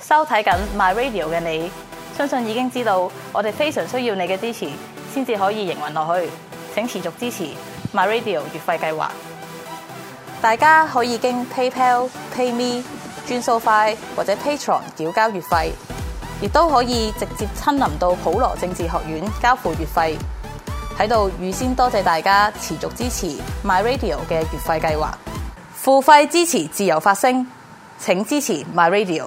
收睇緊 My Radio 嘅你，相信已經知道我哋非常需要你嘅支持，先至可以營運落去，請持續支持 My Radio 月費計劃。大家可以經 PayPal、PayMe、轉數快或者 Patreon 繳交月費，亦都可以直接親臨到普羅政治學院交付月費。喺度預先多謝大家持續支持 My Radio 嘅月費計劃，付費支持自由發聲，請支持 My Radio。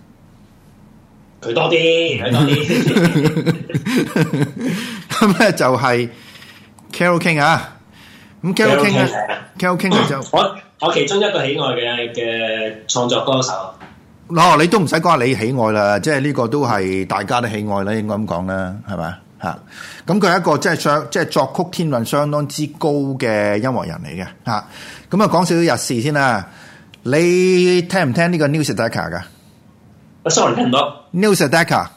佢多啲，佢多啲。咁 咧 就係 Carole King 啊，咁 Carole King 啊 ，Carole King 是就是，我我其中一個喜愛嘅嘅創作歌手。嗱、哦，你都唔使講你喜愛啦，即係呢個都係大家嘅喜愛啦，你應該咁講啦，係咪？吓、嗯。咁佢係一個即係相即係作曲天份相當之高嘅音樂人嚟嘅吓。咁、嗯、啊，講、嗯嗯、少少日事先啦。你聽唔聽呢、這個 Neil Sedaka 噶？Sorry，聽唔到。Neil Sedaka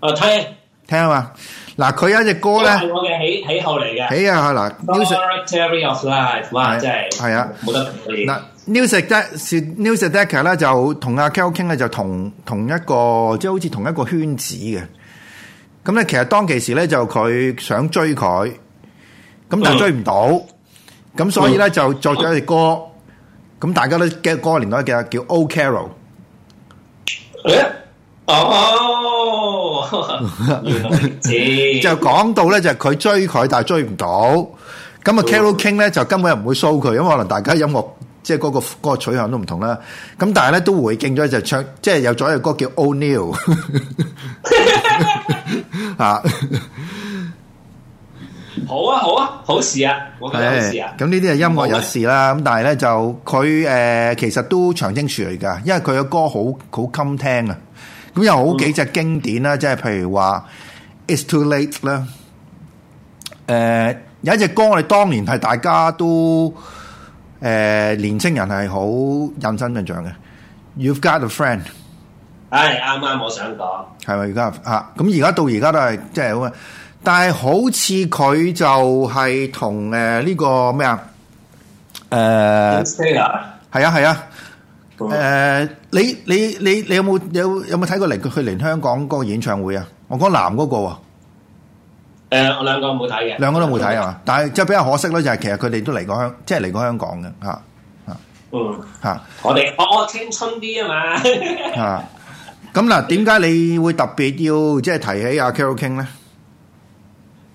啊，聽，聽啊嘛。嗱，佢有一隻歌咧，係我嘅喜喜好嚟嘅。係啊，嗱是。Neil Sedaka king of life 哇，即係，係啊，冇得同你。嗱，Neil Sedaka，Neil Sedaka 咧就同阿 Carole King 咧就同同一個，即係好似同一個圈子嘅。咁咧，其實當其時咧就佢想追佢，咁但係追唔到，咁、uh, 所以咧就作咗一隻歌。咁、uh, uh, 大家都記得嗰年代嘅叫 Old Carol。誒，哦，就講到咧，就係佢追佢，但係追唔到。咁啊 Carole King 咧就根本又唔會 show 佢，因為可能大家音樂即係嗰個、嗰個取向都唔同啦。咁但係咧都回敬咗，就是、唱即係、就是、有咗一隻歌叫《Oh Neil》啊。好啊好啊，好事啊！我覺得好事啊！咁呢啲係音樂有事啦，咁、嗯、但係咧就佢誒、呃，其實都長青樹嚟噶，因為佢嘅歌好好襟聽啊！咁、嗯嗯、有好幾隻經典啦，即係譬如話 It's Too Late 啦，誒、呃、有一隻歌我哋當年係大家都誒、呃、年青人係好印身印象嘅，You've Got a Friend、哎。唉，啱啱我想講，係咪？而家啊，咁而家到而家都係即係咁啊！但係好似佢就係同誒呢個咩、呃、 啊？誒，係啊係啊，誒、 呃，你你你你有冇有有冇睇過嚟佢嚟香港嗰個演唱會啊？呃、我講男嗰個，誒，我兩個冇睇嘅，兩個都冇睇啊！但係即係比較可惜咧，就係、是、其實佢哋都嚟過香，即係嚟過香港嘅吓吓，啊啊、嗯吓、啊，我哋我我青春啲 啊嘛吓，咁嗱，點解你會特別要即係、就是、提起阿 Carole King 咧？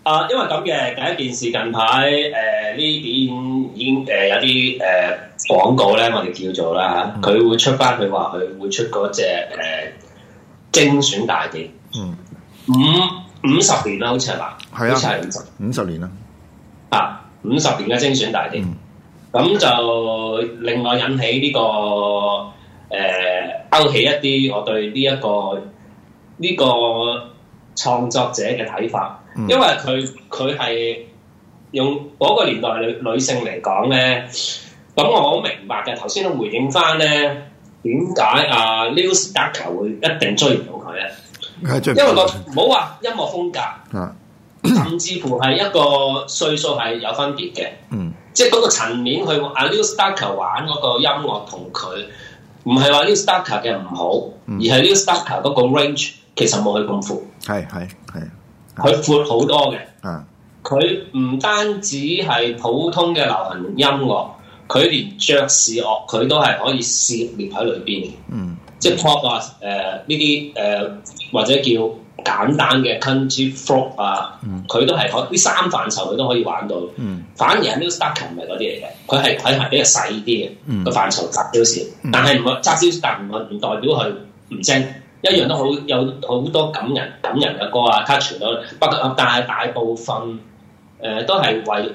啊，因為咁嘅第一件事，近排誒呢邊已經誒、呃、有啲誒、呃、廣告咧，我哋叫做啦佢、嗯、會出翻佢話佢會出嗰隻誒精選大碟，嗯，五五十年啦，好似係嘛，係啊，好似係五十五十年啦，啊，五十年嘅精選大碟，咁、嗯、就另外引起呢、呢個誒、呃、勾起一啲我對呢一個呢個，這個這個創作者嘅睇法，因為佢佢係用嗰個年代女女性嚟講咧，咁我好明白嘅。頭先都回應翻咧，點解阿 Liu Starker 會一定追唔到佢咧？因為個唔好話音樂風格， 甚至乎係一個歲數係有分別嘅，嗯，即係嗰個層面去阿 Liu Starker 玩嗰個音樂同佢，唔係話 Liu Starker 嘅唔好，而係 Liu Starker 嗰個 range。其實冇佢咁闊，係係係，佢闊好多嘅。嗯，佢唔、啊、單止係普通嘅流行音樂，佢連爵士樂佢都係可以涉獵喺裏邊嘅。嗯，即係包括誒呢啲誒或者叫簡單嘅 country folk 啊，佢、嗯、都係可呢三範疇佢都可以玩到。嗯，反而 new style 琴係嗰啲嚟嘅，佢係佢係比較細啲嘅個範疇，窄少、嗯、少。但係唔係窄少，但唔係唔代表佢唔精。一樣都好有好多感人感人嘅歌啊，佢傳到，不 過但係大，大部分誒、呃、都係為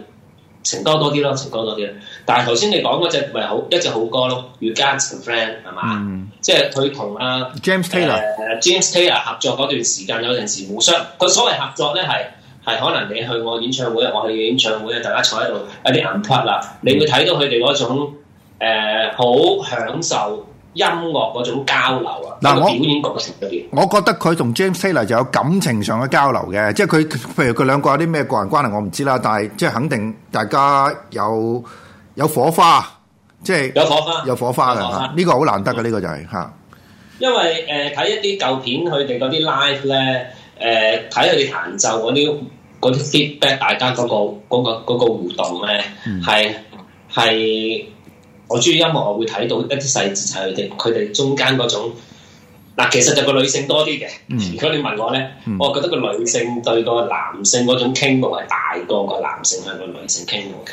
情歌多啲咯，情歌多啲啦。但係頭先你講嗰隻咪好一隻好歌咯 You've Got a Friend 係嘛？ 即係佢同阿 James Taylor 合作嗰段時間有陣時互相佢所謂合作咧係係可能你去我演唱會，我去演唱會啊，大家坐喺度有啲銀撻啦，你會睇 到佢哋嗰種、呃、好享受。音樂嗰種交流啊，嗰我個表演過程裏邊，我覺得佢同 James Taylor 就有感情上嘅交流嘅，即係佢譬如佢兩個有啲咩個人關係，我唔知啦，但係即係肯定大家有有火花，即係有,有火花，有火花啊！呢個好難得嘅，呢個就係嚇。因為誒睇、呃、一啲舊片 ive,、呃，佢哋嗰啲 live 咧，誒睇佢哋彈奏嗰啲嗰啲 feedback，大家嗰、嗰個嗰、嗰個嗰個、互動咧，係係、嗯。我中意音樂，我會睇到一啲細節，就係佢哋佢哋中間嗰種嗱，其實就個女性多啲嘅。如果你問我咧，我覺得個女性對個男性嗰種傾慕係大過個男性向個女性傾慕嘅。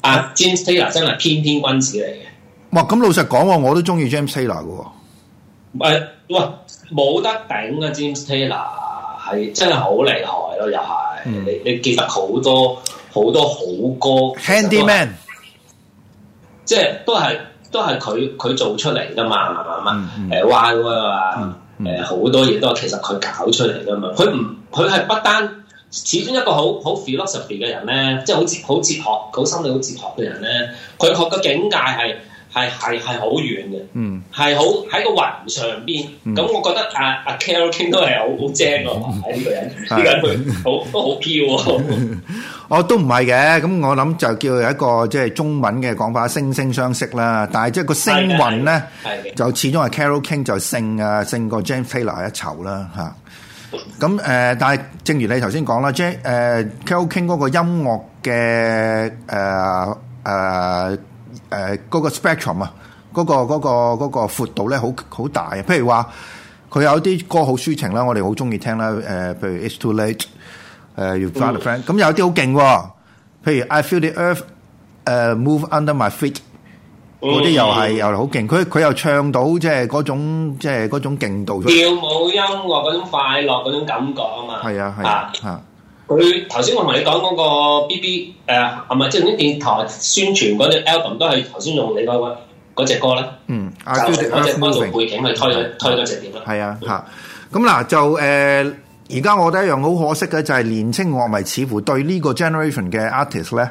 啊 James Taylor 真係翩翩君子嚟嘅。哇！咁老實講喎，我都中意 James Taylor 嘅喎。喂，冇得頂啊！James Taylor 係真係好厲害咯，又係、嗯、你你記得好多好多好歌。Handy Man。即係都係都係佢佢做出嚟噶嘛，係嘛係嘛，誒，Y 啊，誒、呃，好、嗯嗯、多嘢都係其實佢搞出嚟噶嘛。佢唔佢係不單始終一個好好 philosophy 嘅人咧，即係好哲好哲學，好心理好哲學嘅人咧。佢學嘅境界係係系係好遠嘅，係好喺個雲上邊。咁我覺得阿阿 Carole King 都係好好正啊！喺呢個人，呢個人好好叫。我都唔係嘅。咁我諗就叫有一個即係中文嘅講法，惺惺相惜啦。但係即係個聲韻咧，就始終係 Carole King 就勝啊勝過 James Taylor 一籌啦。吓咁誒，但係正如你頭先講啦，James 誒 Carole King 嗰個音樂嘅誒誒。誒嗰、uh，個 spectrum 啊、那個，嗰、那個嗰、那個嗰個闊度咧好好大啊！譬如話，佢有啲歌好抒情啦，我哋好中意聽啦。誒、呃，譬如 It's Too Late，誒、uh，You've Got A Friend，咁有啲好勁喎。譬如 I Feel The Earth 誒、uh，Move Under My Feet，嗰啲、嗯、又係又係好勁。佢佢又唱到即係嗰種即係嗰種勁度，跳舞音樂嗰種快樂嗰種感覺啊嘛。係啊係啊。佢頭先我同你講嗰個 B B，誒係咪即係啲電台宣傳嗰啲 album 都係頭先用你講嗰隻歌咧？嗯，就嗰隻音樂背景去推推嗰隻碟咯。係啊，嚇、啊！咁嗱、嗯啊、就誒，而、呃、家我覺得一樣好可惜嘅就係、是、年青樂迷似乎對呢個 generation 嘅 artist 咧，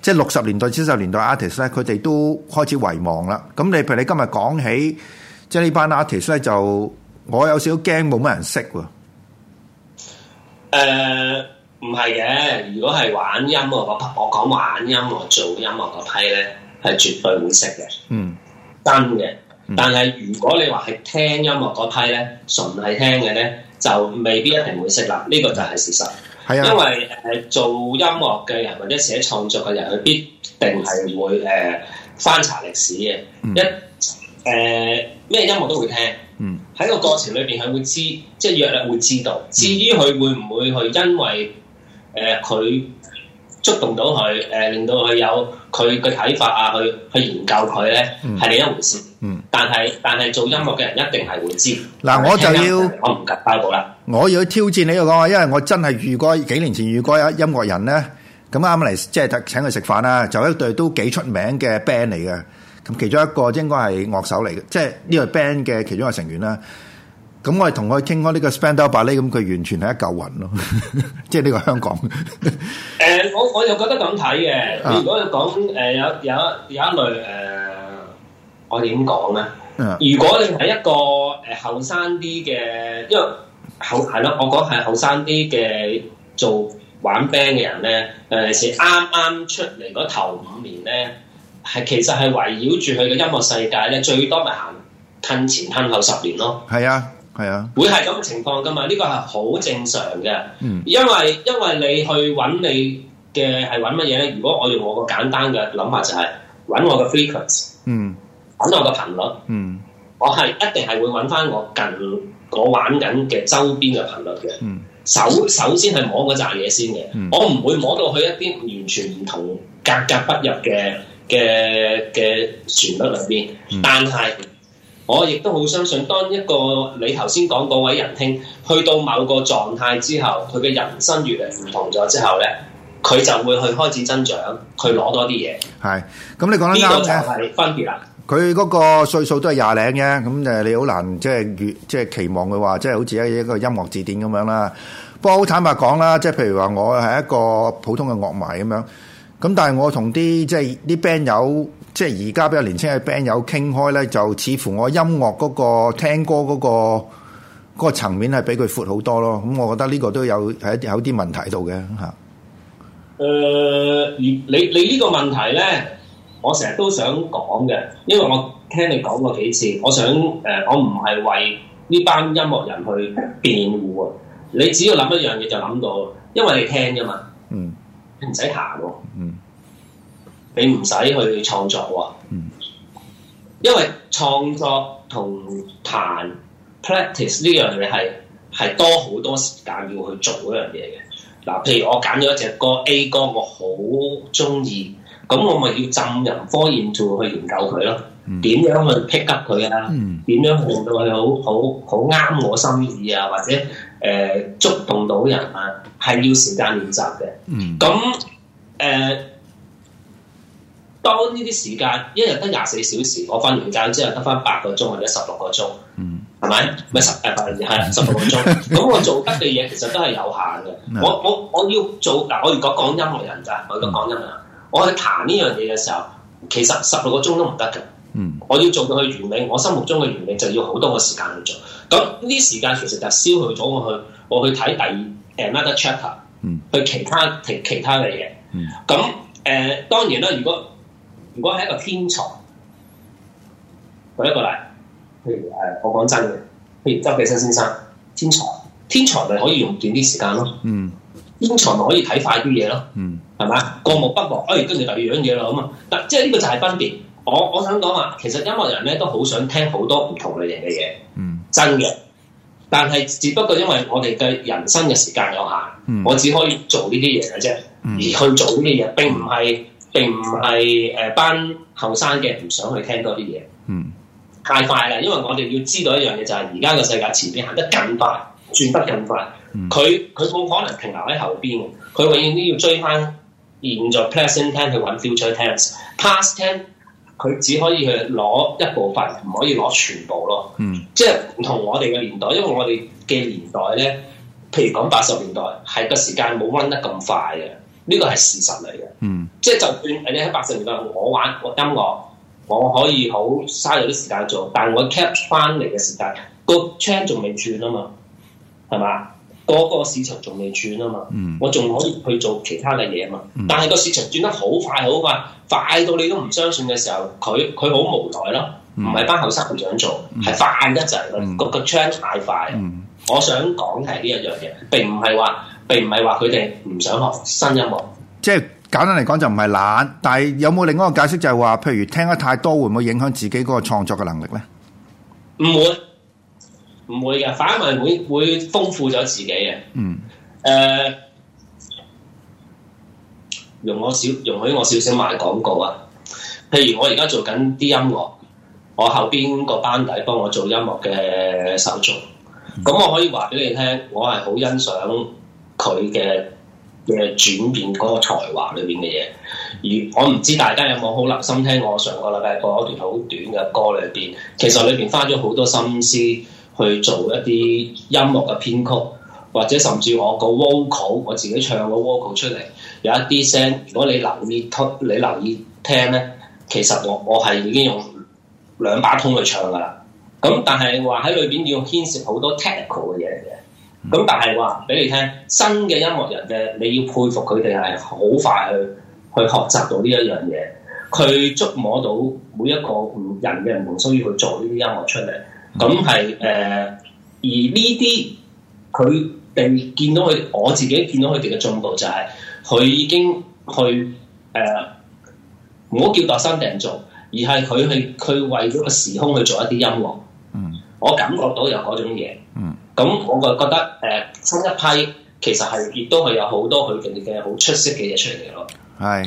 即係六十年代、七十年代 artist 咧，佢哋都開始遺忘啦。咁你譬如你今日講起即係呢班 artist 咧，就我有少少驚冇乜人識喎。呃唔係嘅，如果係玩音樂嗰批，我講玩音樂做音樂嗰批咧，係絕對會識嘅，嗯，真嘅的。嗯、但係如果你話係聽音樂嗰批咧，純係聽嘅咧，就未必一定會識啦。呢、這個就係事實，係啊、嗯。因為誒、嗯呃、做音樂嘅人或者寫創作嘅人，佢必定係會誒、呃、翻查歷史嘅，嗯、一誒咩、呃、音樂都會聽，嗯，喺個過程裏邊佢會知，即係約略會知道。至於佢會唔會去因為誒、佢觸動到佢，誒令到佢有佢嘅睇法啊，去去研究佢咧，係另一回事。嗯，但係但係做音樂嘅人一定係會知。嗱，我就要我唔緊包到啦。我要挑戰你個講話，因為我真係遇過幾年前遇過一音樂人咧，咁啱嚟即係請佢食飯啦，就一隊都幾出名嘅 band 嚟嘅，咁其中一個應該係樂手嚟嘅，即係呢個 band 嘅其中一個成員啦。咁我哋同佢傾開呢個 spendable 呢，咁佢完全係一嚿雲咯，即係呢個香港。誒、呃，我我又覺得咁睇嘅。啊、如果你講誒、呃、有有有一類誒、呃，我點講咧？嗯、如果你係一個誒後生啲嘅，因為後係咯，我講係後生啲嘅做玩 band 嘅人咧，誒是啱啱出嚟嗰頭五年咧，係其實係圍繞住佢嘅音樂世界咧，最多咪行褪前褪後十年咯。係啊。係啊，會係咁嘅情況噶嘛？呢、呢個係好正常嘅，嗯、因為因為你去揾你嘅係揾乜嘢咧？如果我用我個簡單嘅諗法就係揾我嘅 frequency，揾我嘅頻率，嗯、我係一定係會揾翻我近我玩緊嘅周邊嘅頻率嘅。首、嗯、首先係摸嗰扎嘢先嘅，嗯、我唔會摸到去一啲完全唔同、格格不入嘅嘅嘅旋律裏邊，嗯、但係。我亦都好相信，當一個你頭先講嗰位仁兄，去到某個狀態之後，佢嘅人生越嚟唔同咗之後咧，佢就會去開始增長，去攞多啲嘢。係，咁你講得啱嘅。分別啊，佢嗰個歲數都係廿零嘅，咁誒你好難即係越即係期望佢話，即係好似一一個音樂字典咁樣啦。不過好坦白講啦，即係譬如話我係一個普通嘅樂迷咁樣，咁但係我同啲即係啲 band 友。即係而家比較年輕嘅 band 友傾開咧，就似乎我音樂嗰、那個聽歌嗰、那個嗰、那個層面係比佢闊好多咯。咁我覺得呢個都有係有啲問題喺度嘅嚇。誒、呃，你你呢個問題咧，我成日都想講嘅，因為我聽你講過幾次，我想誒、呃，我唔係為呢班音樂人去辯護啊。你只要諗一樣嘢就諗到，因為你聽噶嘛，嗯，你唔使行喎。你唔使去創作喎、哦，嗯、因為創作同彈 practice 呢樣嘢係係多好多時間要去做嗰樣嘢嘅。嗱、啊，譬如我揀咗一隻歌 A 歌，我好中意，咁我咪要浸入 full into 去研究佢咯，點、嗯、樣去 pick up 佢啊？點、嗯、樣令到佢好好好啱我心意啊？或者誒、呃、觸動到人啊？係要時間練習嘅。咁誒、嗯。當呢啲時間一日得廿四小時，我瞓完覺之後得翻八個鐘或者十六、啊、個鐘，係、嗯、咪？唔十係八個鐘十六個鐘。咁我做得嘅嘢其實都係有限嘅。我我我要做嗱，我如果講音樂人咋？我如果講音樂人，我係、mm. 彈呢樣嘢嘅時候，其實十六個鐘都唔得嘅。Mm. 我要做到佢完美，我心目中嘅完美就要好多個時間去做。咁呢啲時間其實就消去咗我去，我去睇第二 another chapter，去其他其、mm. 其他嘅嘢。咁誒當然啦、呃，如果如果係一個天才，舉一個例，譬如誒，我講真嘅，譬如周杰生先生，天才，天才咪可以用短啲時間咯，嗯，天才咪可以睇快啲嘢咯，嗯，係嘛？過目不忘，誒、哎，跟住第二樣嘢咯，咁啊，嗱，即係呢個就係分別。我我想講話，其實音樂人咧都好想聽好多唔同類型嘅嘢，嗯，真嘅，但係只不過因為我哋嘅人生嘅時間有限，嗯、我只可以做呢啲嘢嘅啫，嗯、而去做呢啲嘢並唔係。並唔係誒班後生嘅唔想去聽多啲嘢，嗯，太快啦！因為我哋要知道一樣嘢，就係而家個世界前面行得更快，轉得更快，佢佢冇可能停留喺後邊，佢永遠都要追翻現在 present time 去揾 future times，past time，佢只可以去攞一部分，唔可以攞全部咯，嗯，即係唔同我哋嘅年代，因為我哋嘅年代咧，譬如講八十年代，係個時間冇 run 得咁快嘅。呢個係事實嚟嘅，嗯、即係就算你喺八十年代，我玩我音樂，我可以好嘥咗啲時間做，但我 cap 翻嚟嘅時間，個 channel 仲未轉啊嘛，係嘛？嗰個市場仲未轉啊嘛，嗯、我仲可以去做其他嘅嘢啊嘛。但係個市場轉得好快，快，好快，快到你都唔相信嘅時候，佢佢好無奈咯，唔係、嗯、班後生唔想做，係快得滯，嗯、個個 channel 太快。嗯、我想講係呢一樣嘢，並唔係話。並唔係話佢哋唔想學新音樂，即係簡單嚟講就唔係懶，但係有冇另外一個解釋就係話，譬如聽得太多會唔會影響自己嗰個創作嘅能力咧？唔會，唔會嘅，反而會會豐富咗自己嘅。嗯，誒、uh,，容我少容許我少少賣廣告啊！譬如我而家做緊啲音樂，我後邊個班底幫我做音樂嘅手續，咁、嗯、我可以話俾你聽，我係好欣賞。佢嘅嘅轉變，個才華裏邊嘅嘢，而我唔知大家有冇好留心聽我上個禮拜播一段好短嘅歌裏邊，其實裏邊花咗好多心思去做一啲音樂嘅編曲，或者甚至我個 vocal，我自己唱個 vocal 出嚟，有一啲聲如果你留意通，你留意聽咧，其實我我係已經用兩把通去唱噶啦，咁但係話喺裏邊要牽涉好多 technical 嘅嘢。咁、嗯、但係話俾你聽，新嘅音樂人呢，你要佩服佢哋係好快去去學習到呢一樣嘢，佢觸摸到每一個人嘅，唔需要去做呢啲音樂出嚟。咁係誒，而呢啲佢哋見到佢，我自己見到佢哋嘅進步就係、是、佢已經去誒、唔、呃、好叫白手新定做，而係佢去佢為咗個時空去做一啲音樂。嗯，我感覺到有嗰種嘢。嗯咁我就覺得誒，新一批其實係亦都係有好多佢哋嘅好出色嘅嘢出嚟嘅咯。係，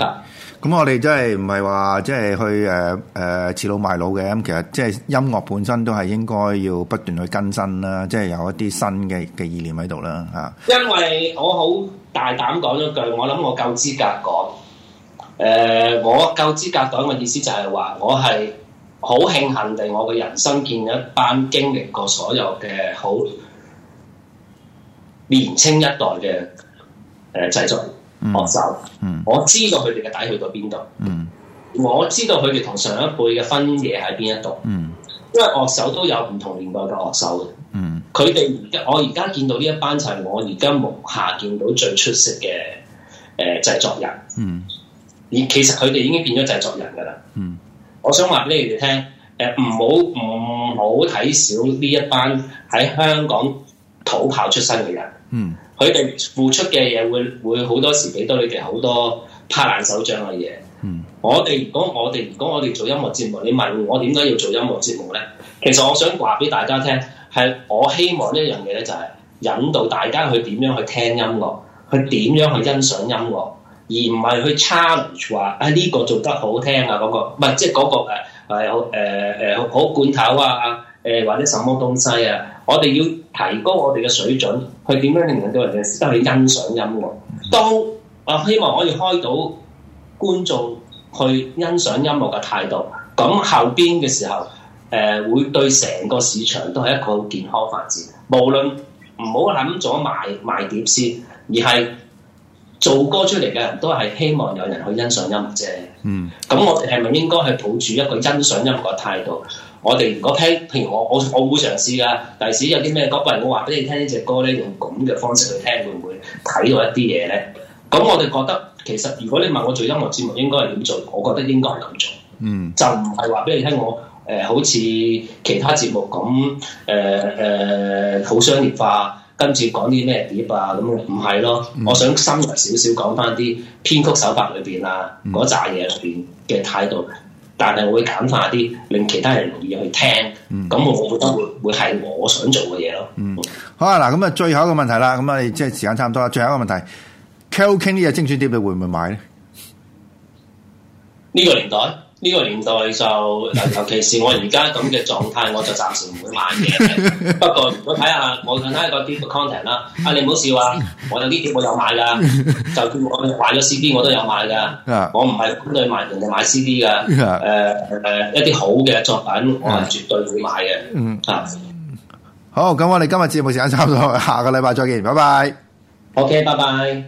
咁我哋真係唔係話即係去誒誒恃老賣老嘅。咁其實即係音樂本身都係應該要不斷去更新啦，即係有一啲新嘅嘅意念喺度啦吓。因為我好大膽講咗句，我諗我夠資格講。誒，我夠資格講嘅意思就係話，我係好慶幸地，我嘅人生見一班經歷過所有嘅好。年青一代嘅誒製作、嗯、樂手，我知道佢哋嘅底去到邊度，嗯、我知道佢哋同上一輩嘅分野喺邊一度，嗯、因為樂手都有唔同年代嘅樂手嘅，佢哋、嗯、我而家見到呢一班就係我而家目下見到最出色嘅誒、呃、製作人，而、嗯、其實佢哋已經變咗製作人噶啦。嗯、我想話俾你哋聽，誒唔好唔好睇少呢一班喺香港土炮出身嘅人，嗯，佢哋付出嘅嘢，會會好多時俾到你哋好多拍爛手掌嘅嘢。嗯，我哋如，如果我哋如果我哋做音樂節目，你問我點解要做音樂節目咧？其實我想話俾大家聽，係我希望呢一樣嘢咧，就係引導大家去點樣去聽音樂，去點樣去欣賞音樂，而唔係去 challenge 話啊呢個做得好聽啊，嗰個唔係即係嗰個誒好誒誒好罐頭啊誒或者什麼東西啊。我哋要提高我哋嘅水準，去點樣令到人哋識得去欣賞音樂。當啊，我希望可以開到觀眾去欣賞音樂嘅態度，咁後邊嘅時候，誒、呃、會對成個市場都係一個好健康發展。無論唔好諗咗賣賣碟先，而係做歌出嚟嘅人都係希望有人去欣賞音樂啫。嗯，咁我哋係咪應該去抱住一個欣賞音樂嘅態度？我哋如果聽，譬如我我我會嘗試㗎。第時有啲咩歌，我會話俾你聽呢隻歌咧，用咁嘅方式去聽，會唔會睇到一啲嘢咧？咁我哋覺得其實如果你問我做音樂節目應該係點做，我覺得應該係咁做。嗯，就唔係話俾你聽我誒、呃，好似其他節目咁誒誒，好商業化，跟住講啲咩碟啊咁嘅，唔係咯。嗯、我想深入少少講翻啲編曲手法裏邊啊，嗰扎嘢裏邊嘅態度。但係我會簡化啲，令其他人容易去聽。咁、嗯、我覺得會會係我想做嘅嘢咯。嗯，好啊，嗱，咁啊最後一個問題啦。咁啊，即係時間差唔多啦。最後一個問題，Carole King 呢隻精選碟，你會唔會買咧？呢個年代。呢個年代就尤其是我而家咁嘅狀態，我就暫時唔會買嘅。 不過如果睇下，我想睇下個啲 content 啦。啊，你唔好笑啊！我有啲碟我有買㗎，就叫我買咗 CD 我都有買㗎。我唔係咁對買人哋買 CD 㗎。誒誒、 呃呃，一啲好嘅作品我係絕對會買嘅。 嗯，啊，好，咁我哋今日節目時間差唔多，下個禮拜再見，拜拜。OK，拜拜。